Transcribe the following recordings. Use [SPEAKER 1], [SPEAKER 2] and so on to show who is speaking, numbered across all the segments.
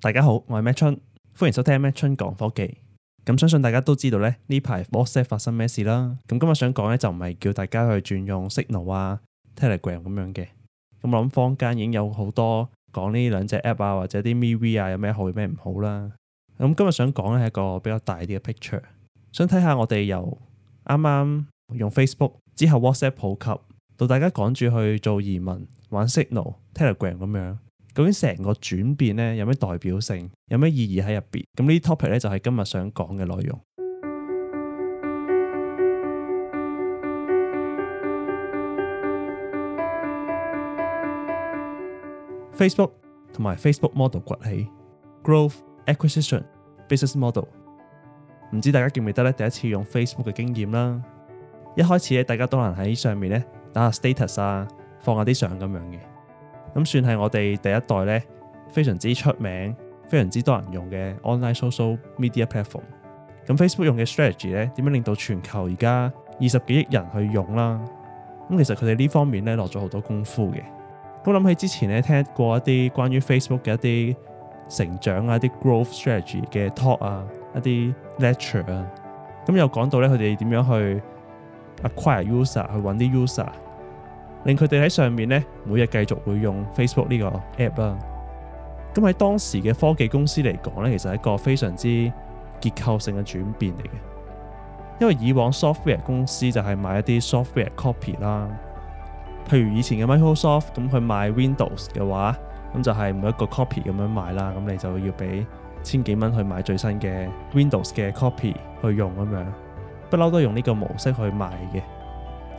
[SPEAKER 1] 大家好，我係麥 n 歡迎收聽麥 n 講科技。咁相信大家都知道咧，呢排 WhatsApp 發生咩事啦。咁今日想講咧，就唔係叫大家去轉用 Signal 啊、Telegram 咁樣嘅。咁我諗坊間已經有好多講呢兩隻 App 啊或者啲 MV 啊有咩好有咩唔好啦。咁今日想講咧，係一個比較大啲嘅 picture，想睇下我哋由啱啱用 Facebook 之後 WhatsApp 普及到大家趕住去做移民玩 Signal、Telegram 咁樣。究竟成個轉變咧有咩代表性，有咩意義喺入邊？咁呢啲 topic 咧就係今日想講嘅內容。 Facebook 同埋 Facebook model 崛起，growth acquisition business model，唔知大家記唔記得咧？第一次用 Facebook 嘅經驗啦，一開始咧大家都難喺上面咧打下 status 啊，放下啲相咁樣嘅。咁算係我哋第一代咧，非常之出名，非常之多人用嘅 online social media platform。咁 Facebook 用嘅 strategy 咧，點樣令到全球而家二十幾億人去用啦？咁其實佢哋呢方面咧落咗好多功夫嘅。咁諗起之前咧聽過一啲關於 Facebook 嘅一啲成長啊、啲 growth strategy 嘅 talk 啊、一啲 lecture 啊，咁又講到咧佢哋點樣去 acquire user 去揾啲 user。令佢哋喺上面呢，每日繼續會用 Facebook 呢個 app 啦。咁喺當時嘅科技公司嚟講呢，其實係一個非常之結構性嘅轉變嚟嘅。因為以往 software 公司就係買一啲 software copy 啦，譬如以前嘅 Microsoft 咁去買 Windows 嘅話，咁就係每一個 copy 咁樣買啦。咁你就要俾千幾蚊去買最新嘅 Windows 嘅 copy 去用咁樣，不嬲都用呢個模式去賣嘅。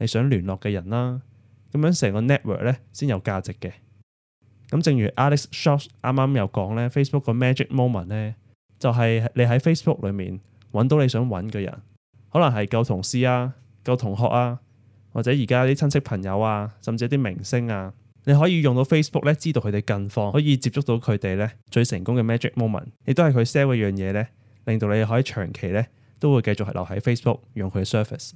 [SPEAKER 1] 你想聯絡嘅人啦，咁樣成個 network 咧先有價值嘅。咁正如 Alex Schultz 啱啱有講咧，Facebook 個 magic moment 咧，就係你喺 Facebook 裏面揾到你想揾嘅人，可能係舊同事啊、舊同學啊，或者而家啲親戚朋友啊，甚至啲明星啊，你可以用到 Facebook 咧，知道佢哋近況，可以接觸到佢哋咧最成功嘅 magic moment。亦都係佢 sell 嗰樣嘢咧，令到你可以長期咧都會繼續係留喺 Facebook 用佢嘅 service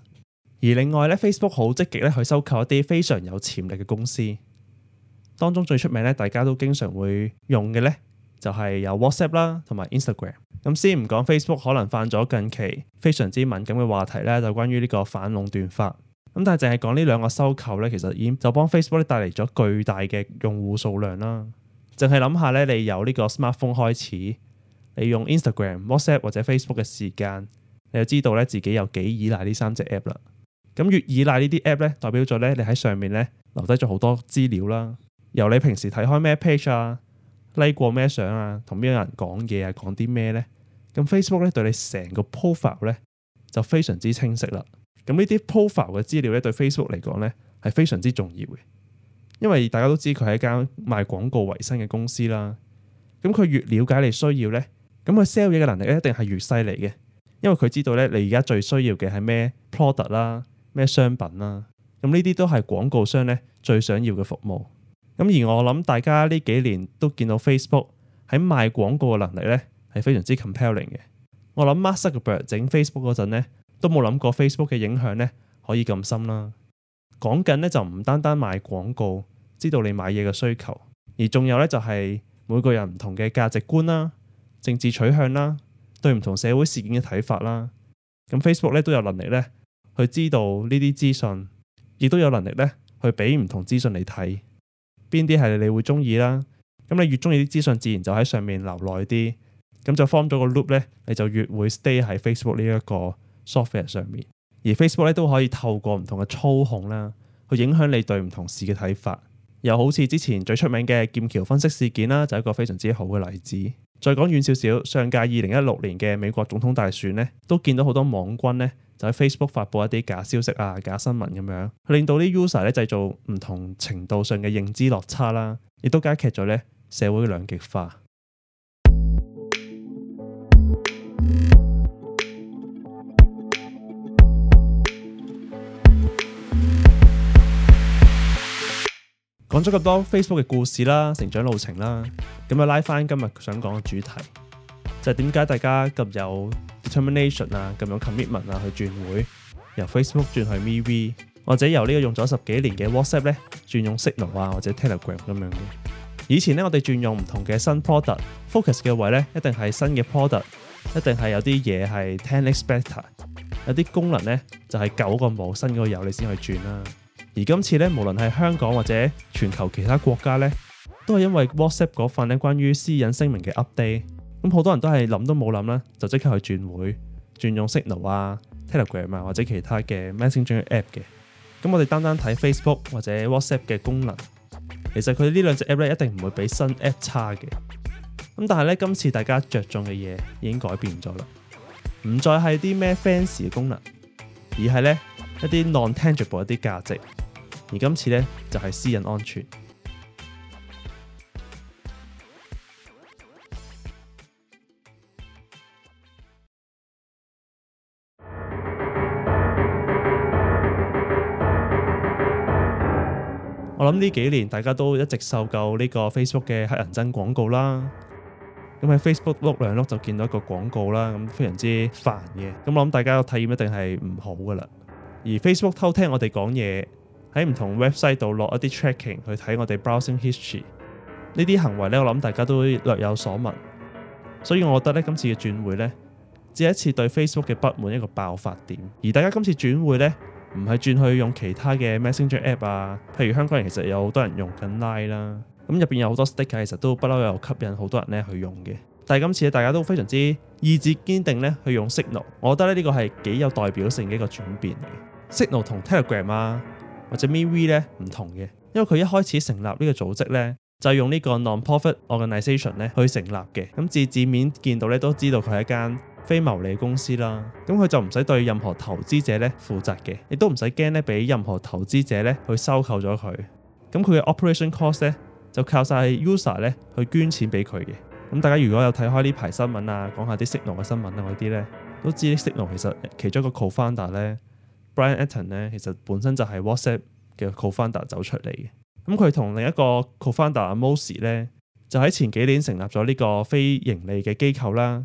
[SPEAKER 1] 而另外咧，Facebook 好積極咧去收購一啲非常有潛力嘅公司，當中最出名咧，大家都經常會用嘅咧，就係有 WhatsApp 啦，同埋 Instagram。咁先唔講 Facebook 可能犯咗近期非常之敏感嘅話題咧，就關於呢個反壟斷法。咁但係淨係講呢兩個收購咧，其實已經就幫 Facebook 咧帶嚟咗巨大嘅用戶數量啦。淨係諗下咧，你由呢個 smartphone 開始，你用 Instagram、WhatsApp 或者 Facebook 嘅時間，你就知道咧自己有幾依賴呢三隻 app 啦。咁越依賴呢啲 app 咧，代表咗咧你喺上面咧留低咗好多資料啦。由你平時睇開咩 page 啊，like 過咩相啊，同邊樣人講嘢啊，講啲咩咧？咁 Facebook 咧對你成個 profile 咧就非常之清晰啦。咁呢啲 profile 嘅資料咧對 Facebook 嚟講咧係非常之重要嘅，因為大家都知佢係一間賣廣告為生嘅公司啦。咁佢越了解你需要咧，咁佢 sell 嘢嘅能力咧一定係越犀利嘅，因為佢知道咧你而家最需要嘅係咩 product 啦。咩商品啦，啊？咁呢啲都係廣告商呢最想要嘅服務。咁而我諗大家呢幾年都見到 Facebook 喺賣廣告嘅能力呢係非常之 compelling 嘅。我諗 Mark Zuckerberg 整 Facebook 嗰陣呢都冇諗過 Facebook 嘅影響呢可以咁深啦。講緊呢就唔單單賣廣告，知道你買嘢嘅需求，而仲有呢就係、是、每個人唔同嘅價值觀啦、政治取向啦、對唔同社會事件嘅睇法啦。咁 Facebook 呢都有能力呢。去知道呢啲資訊，亦都有能力咧，去俾唔同資訊嚟睇，邊啲係你會中意啦。咁你越中意啲資訊，自然就喺上面留耐啲，咁就 form 咗個 loop 咧，你就越會 stay 喺 Facebook 呢一個 software 上面。而 Facebook 咧都可以透過唔同嘅操控啦，去影響你對唔同事嘅睇法。又好似之前最出名嘅劍橋分析事件啦，就係一個非常之好嘅例子。再講遠少少，上屆二零一六年嘅美國總統大選呢，都見到好多網軍呢。就喺 Facebook 發佈一啲假消息啊、假新聞咁樣，令到啲 user 咧製造唔同程度上嘅認知落差啦，亦都加劇咗咧社會兩極化。講咗咁多 Facebook 嘅故事啦、成長路程啦，咁啊拉返今日想講嘅主題，就係點解大家咁有 termination 啊，咁樣 commitment 啊，去轉會由 Facebook 轉去 MeWe，或者由呢個用咗十幾年嘅 WhatsApp 咧轉用 Signal 啊，或者 Telegram 咁樣嘅。以前咧，我哋轉用唔同嘅新 product focus 嘅位咧，一定係新嘅 product，一定係有啲嘢係 10x better，有啲功能咧就係舊個冇新個有，你先去轉啦。而今次咧，無論係香港或者全球其他國家咧，都係因為 WhatsApp 嗰份咧關於私隱聲明嘅 update。咁好多人都係諗都冇諗啦，就即刻去轉會轉用 Signal 啊、Telegram 啊或者其他嘅 Messaging 嘅 App 嘅。咁我哋單單睇 Facebook 或者 WhatsApp 嘅功能，其實佢呢兩隻 App 咧一定唔會比新 App 差嘅。咁但係咧，今次大家着重嘅嘢已經改變咗啦，唔再係啲咩 fans 嘅功能，而係咧一啲 non tangible 嘅一啲價值。而今次咧就係私人安全。我諗呢幾年大家都一直受夠呢個 Facebook 嘅黑人憎廣告啦，咁喺 Facebook 碌兩碌就見到一個廣告啦，咁非常之煩嘅。咁我諗大家嘅體驗一定係唔好噶啦。而 Facebook 偷聽我哋講嘢，喺唔同 website 度落一啲 tracking 去睇我哋 browsing history，呢啲行為呢，我諗大家都略有所聞。所以我覺得呢，今次嘅轉會呢，只係一次對 Facebook 嘅不滿一個爆發點。而大家今次轉會呢。唔係轉去用其他嘅 Messenger App 啊，譬如香港人其實有好多人用緊 Line 啦，咁入邊有好多 sticker，其實都不嬲又吸引好多人呢去用嘅。但係今次大家都非常之意志堅定呢去用 Signal，我覺得咧呢個係幾有代表性嘅一個轉變嚟嘅。Signal 同 Telegram 啊或者 MeWe 咧唔同嘅，因為佢一開始成立呢個組織呢，就係用呢個 non-profit organization 呢去成立嘅，咁至字面見到呢，都知道佢係一間，非牟利公司啦，咁佢就唔使對任何投資者咧負責嘅，亦都唔使驚咧俾任何投資者咧去收購咗佢。咁佢嘅 operation cost 咧就靠晒 user 咧去捐錢俾佢嘅。咁大家如果有睇開呢排新聞啊，講下啲 Signal 嘅新聞啊嗰啲咧，都知道 Signal 其實其中一個 cofounder 咧，Brian Acton 咧其實本身就係 WhatsApp 嘅 cofounder 走出嚟嘅。咁佢同另一個 cofounder 阿 Moxie 咧，就喺前幾年成立咗呢個非盈利嘅機構啦。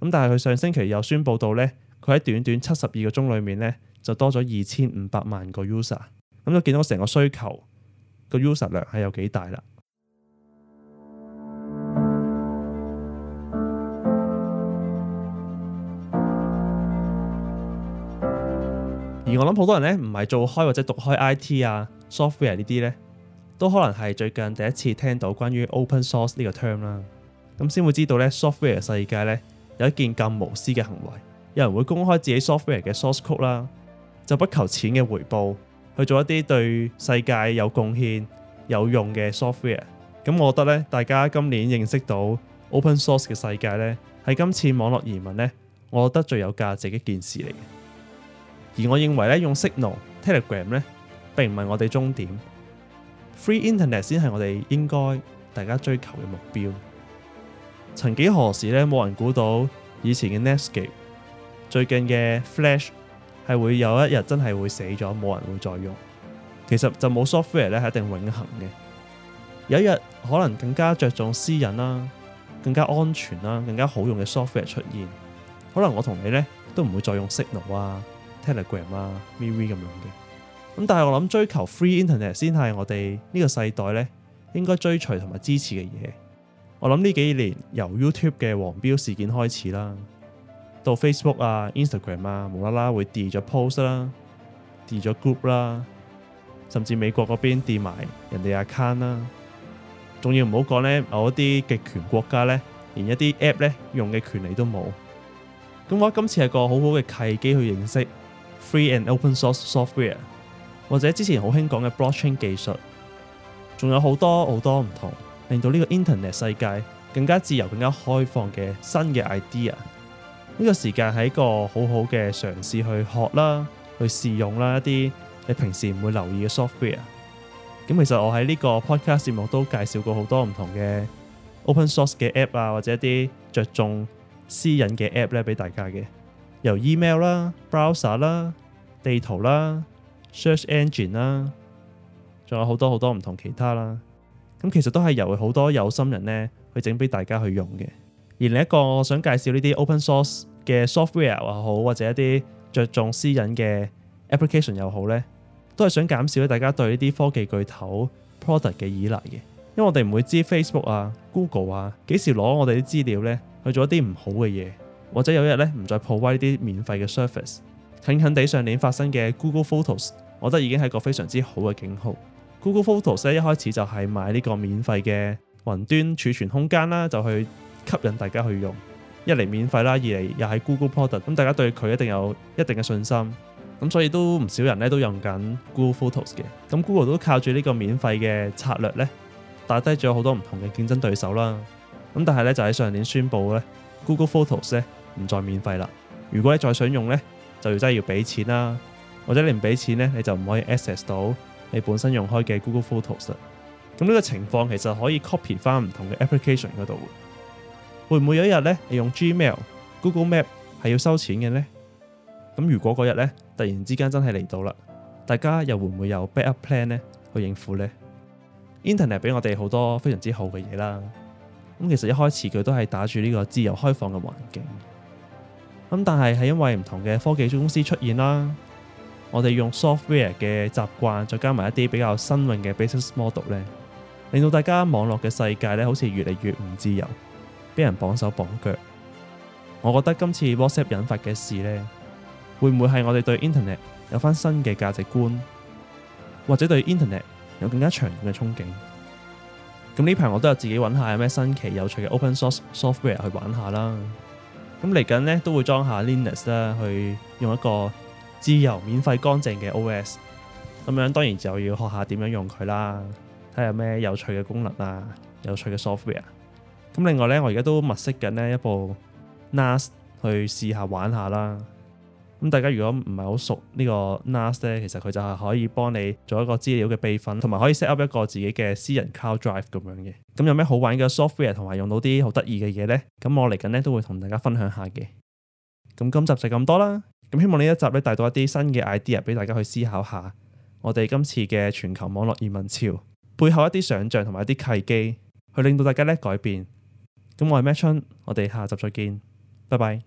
[SPEAKER 1] 咁但係佢上星期又宣佈到呢，佢喺短短七十二個鐘裏面呢，就多咗二千五百萬個 user。咁就見到成個需求個 user 量係有幾大啦。而我諗好多人呢唔係做開或者讀開 IT 啊、software 呢啲呢，都可能係最近第一次聽到關於 open source 呢個 term 啦。咁先會知道呢 software 世界呢。有一件咁無私嘅行為，有人會公開自己 software 嘅 source code 啦，就不求錢嘅回報去做一啲對世界有貢獻、有用嘅 software。咁我覺得呢大家今年認識到 open source 嘅世界呢，係今次網絡移民呢我覺得最有價值嘅一件事嚟。而我認為咧，用 Signal、Telegram 呢，並唔係我哋終點，Free Internet 先係我哋應該大家追求嘅目標。曾幾何時咧，冇人估到以前嘅 Netscape，最近嘅 Flash 係會有一日真係會死咗，冇人會再用。其實就冇 software 咧係一定永恒嘅。有一日可能更加着重私隱啦，更加安全啦，更加好用嘅 software 出現，可能我同你咧都唔會再用 Signal 啊、Telegram 啊、Wire 咁樣嘅。咁但係我諗追求 Free Internet 先係我哋呢個世代咧應該追隨同埋支持嘅嘢。我諗呢幾年由 YouTube 嘅黃標事件開始啦，到 Facebook 啊 Instagram 啊無啦啦會跌咗 post 啦跌咗 group 啦，甚至美國嗰邊跌埋人哋 account 啦，仲要唔好講呢某啲極權國家呢連一啲 app 呢用嘅權利都冇。咁我今次係個好好嘅契機去認識 free and open source software 或者之前好興講嘅 blockchain 技術仲有好多好多唔同令到呢個 internet 世界更加自由、更加開放嘅新嘅 idea，呢、這個時間係一個好好嘅嘗試去學啦、去試用啦一啲你平時唔會留意嘅 software。咁其實我喺呢個 podcast 節目都介紹過好多唔同嘅 open source 嘅 app 啊，或者一啲着重私隱嘅 app 咧，俾大家嘅，由 email 啦、browser 啦、地圖啦、search engine 啦，仲有好多好多唔同其他啦。咁其實都係由好多有心人咧去整俾大家去用嘅。而另一個我想介紹呢啲 open source 嘅 software 又好，或者一啲着重私隱嘅 application 又好呢，都係想減少大家對呢啲科技巨頭 product 嘅依賴嘅。因為我哋唔會知 Facebook 啊、Google 啊幾時攞我哋啲資料咧去做一啲唔好嘅嘢，或者有一日咧唔再 provide 呢啲免費嘅 service。近近地上年發生嘅 Google Photos，我覺得已經係一個非常之好嘅警號。Google Photos 咧一開始就係買呢個免費嘅雲端儲存空間啦，就去吸引大家去用。一嚟免費啦，二嚟又係 Google Product，咁大家對佢一定有一定嘅信心。咁所以都唔少人咧都用緊 Google Photos 嘅。咁 Google 都靠住呢個免費嘅策略咧，打低咗好多唔同嘅競爭對手啦。咁但係咧就喺上年宣布咧，Google Photos 咧唔再免費啦。如果你再想用咧，就要真係要俾錢啦。或者你唔俾錢咧，你就唔可以 access 到。你本身用開嘅 Google Photos，咁呢個情況其實可以 copy 翻唔同嘅 application 嗰度。會唔會有一日你用 Gmail、Google Map 係要收錢嘅呢？咁如果嗰日突然之間真係嚟到啦，大家又會唔會有 backup plan 呢？去應付呢？Internet 俾我哋好多非常之好嘅嘢啦。咁其實一開始佢都係打住呢個自由開放嘅環境。咁但係係因為唔同嘅科技公司出現啦。我哋用 software 嘅習慣，再加埋一啲比較新穎嘅 business model 咧，令到大家網絡嘅世界咧，好似越嚟越唔自由，俾人綁手綁腳。我覺得今次 WhatsApp 引發嘅事呢，會唔會係我哋對 Internet 有翻新嘅價值觀，或者對 Internet 有更加長遠嘅憧憬？咁呢排我都有自己揾下有咩新奇有趣嘅 open source software 去玩下啦。咁嚟緊呢，都會裝下 Linux 啦，去用一個。自由、免費、乾淨嘅 OS，咁樣當然就要學下點樣用佢啦，睇下咩有趣嘅功能啊，有趣嘅 software。咁另外呢，我而家都物色緊呢一部 NAS 去試下玩下啦。咁大家如果唔係好熟呢個 NAS 呢，其實佢就係可以幫你做一個資料嘅備份，同埋可以 set up 一個自己嘅私人 cloud drive 咁樣嘅。咁有咩好玩嘅 software 同埋用到啲好得意嘅嘢呢？咁我嚟緊呢都會同大家分享下嘅。咁今集就咁多啦。咁希望呢一集呢，帶到一啲新嘅 idea 俾大家去思考下，我哋今次嘅全球網絡移民潮背後一啲想像同埋一啲契機，去令到大家呢改變。咁我係咩春，我哋下集再見，拜拜。